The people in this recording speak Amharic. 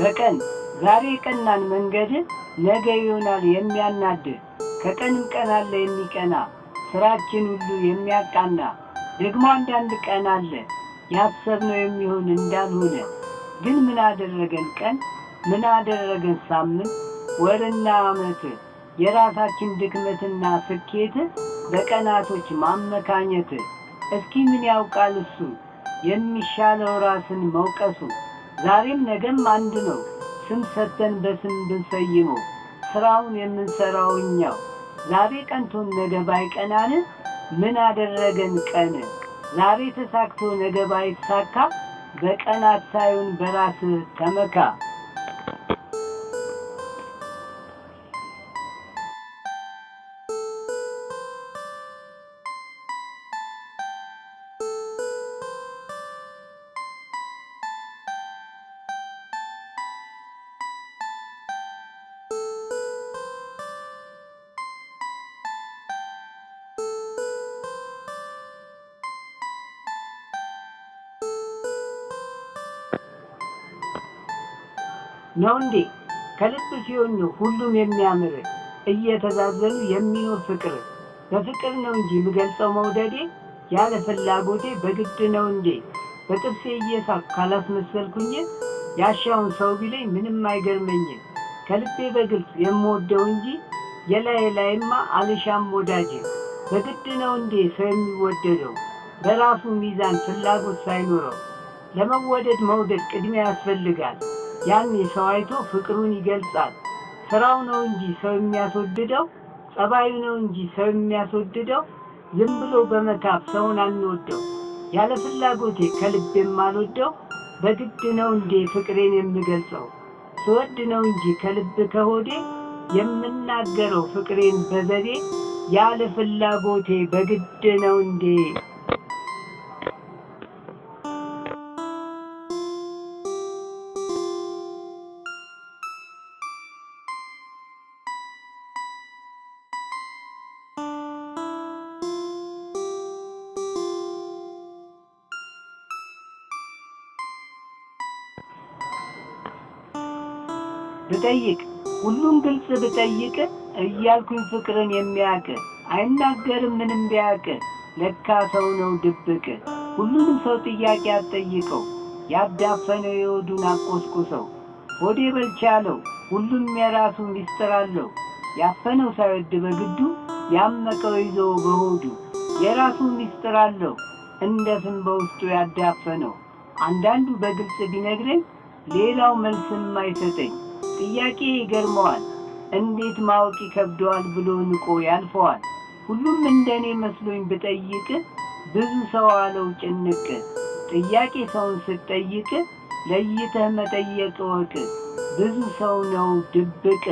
በቀን ዛሬ የቀናን መንገድ ነገ ይሆናል የሚያናድ ከቀንም ቀን አለ የሚቀና ስራችን ሁሉ የሚያቃና ደግሞ አንዳንድ ቀን አለ ያሰብነው የሚሆን እንዳልሆነ ግን ምን አደረገን ቀን ምን አደረገን ሳምንት ወርና አመት የራሳችን ድክመትና ስኬት በቀናቶች ማመካኘት እስኪ ምን ያውቃል እሱ የሚሻለው ራስን መውቀሱ ዛሬም ነገም አንድ ነው። ስም ሰተን በስም ብንሰይመው ስራውን የምንሰራው እኛው። ዛሬ ቀንቶን ነገ ባይቀናን ምን አደረገን ቀን? ዛሬ ተሳክቶ ነገ ባይሳካ በቀናት ሳይሆን በራስህ ተመካ። ነው እንዴ? ከልብ ሲሆን ሁሉም የሚያምር። እየተዛዘኑ የሚኖር ፍቅር በፍቅር ነው እንጂ የምገልጸው መውደዴ ያለ ፍላጎቴ በግድ ነው እንዴ? በጥፍሴ እየሳቅ ካላስመሰልኩኝ ያሻውን ሰው ቢለኝ ምንም አይገርመኝ። ከልቤ በግልጽ የምወደው እንጂ የላይ ላይማ አልሻም ወዳጅ። በግድ ነው እንዴ ሰው የሚወደደው በራሱ ሚዛን ፍላጎት ሳይኖረው? ለመወደድ መውደድ ቅድሚያ ያስፈልጋል። ያን ሰው አይቶ ፍቅሩን ይገልጻል። ስራው ነው እንጂ ሰው የሚያስወድደው፣ ጸባዩ ነው እንጂ ሰው የሚያስወድደው። ዝም ብሎ በመካብ ሰውን አንወደው ያለ ፍላጎቴ ከልብ የማልወደው። በግድ ነው እንዴ ፍቅሬን የምገልጸው? ስወድ ነው እንጂ ከልብ ከሆዴ የምናገረው ፍቅሬን በዘዴ ያለ ፍላጎቴ በግድ ነው እንዴ? ብጠይቅ ሁሉም ግልጽ ብጠይቅ እያልኩኝ ፍቅርን የሚያቅ አይናገርም ምንም ቢያቅ ለካ ሰው ነው ድብቅ ሁሉንም ሰው ጥያቄ አትጠይቀው ያዳፈነው የወዱን አቆስቁሰው ሆዴ በልቻለው ሁሉም የራሱ ሚስጥር አለው ያፈነው ሳይወድ በግዱ ያመቀው ይዞ በሆዱ የራሱ ሚስጥር አለው እንደ ስም በውስጡ ያዳፈነው አንዳንዱ በግልጽ ቢነግረኝ ሌላው መልስ አይሰጠኝ። ጥያቄ ይገርመዋል፣ እንዴት ማወቅ ይከብደዋል ብሎ ንቆ ያልፈዋል። ሁሉም እንደኔ መስሎኝ ብጠይቅ ብዙ ሰው አለው ጭንቅ። ጥያቄ ሰውን ስትጠይቅ ለይተህ መጠየቅ እወቅ፣ ብዙ ሰው ነው ድብቅ።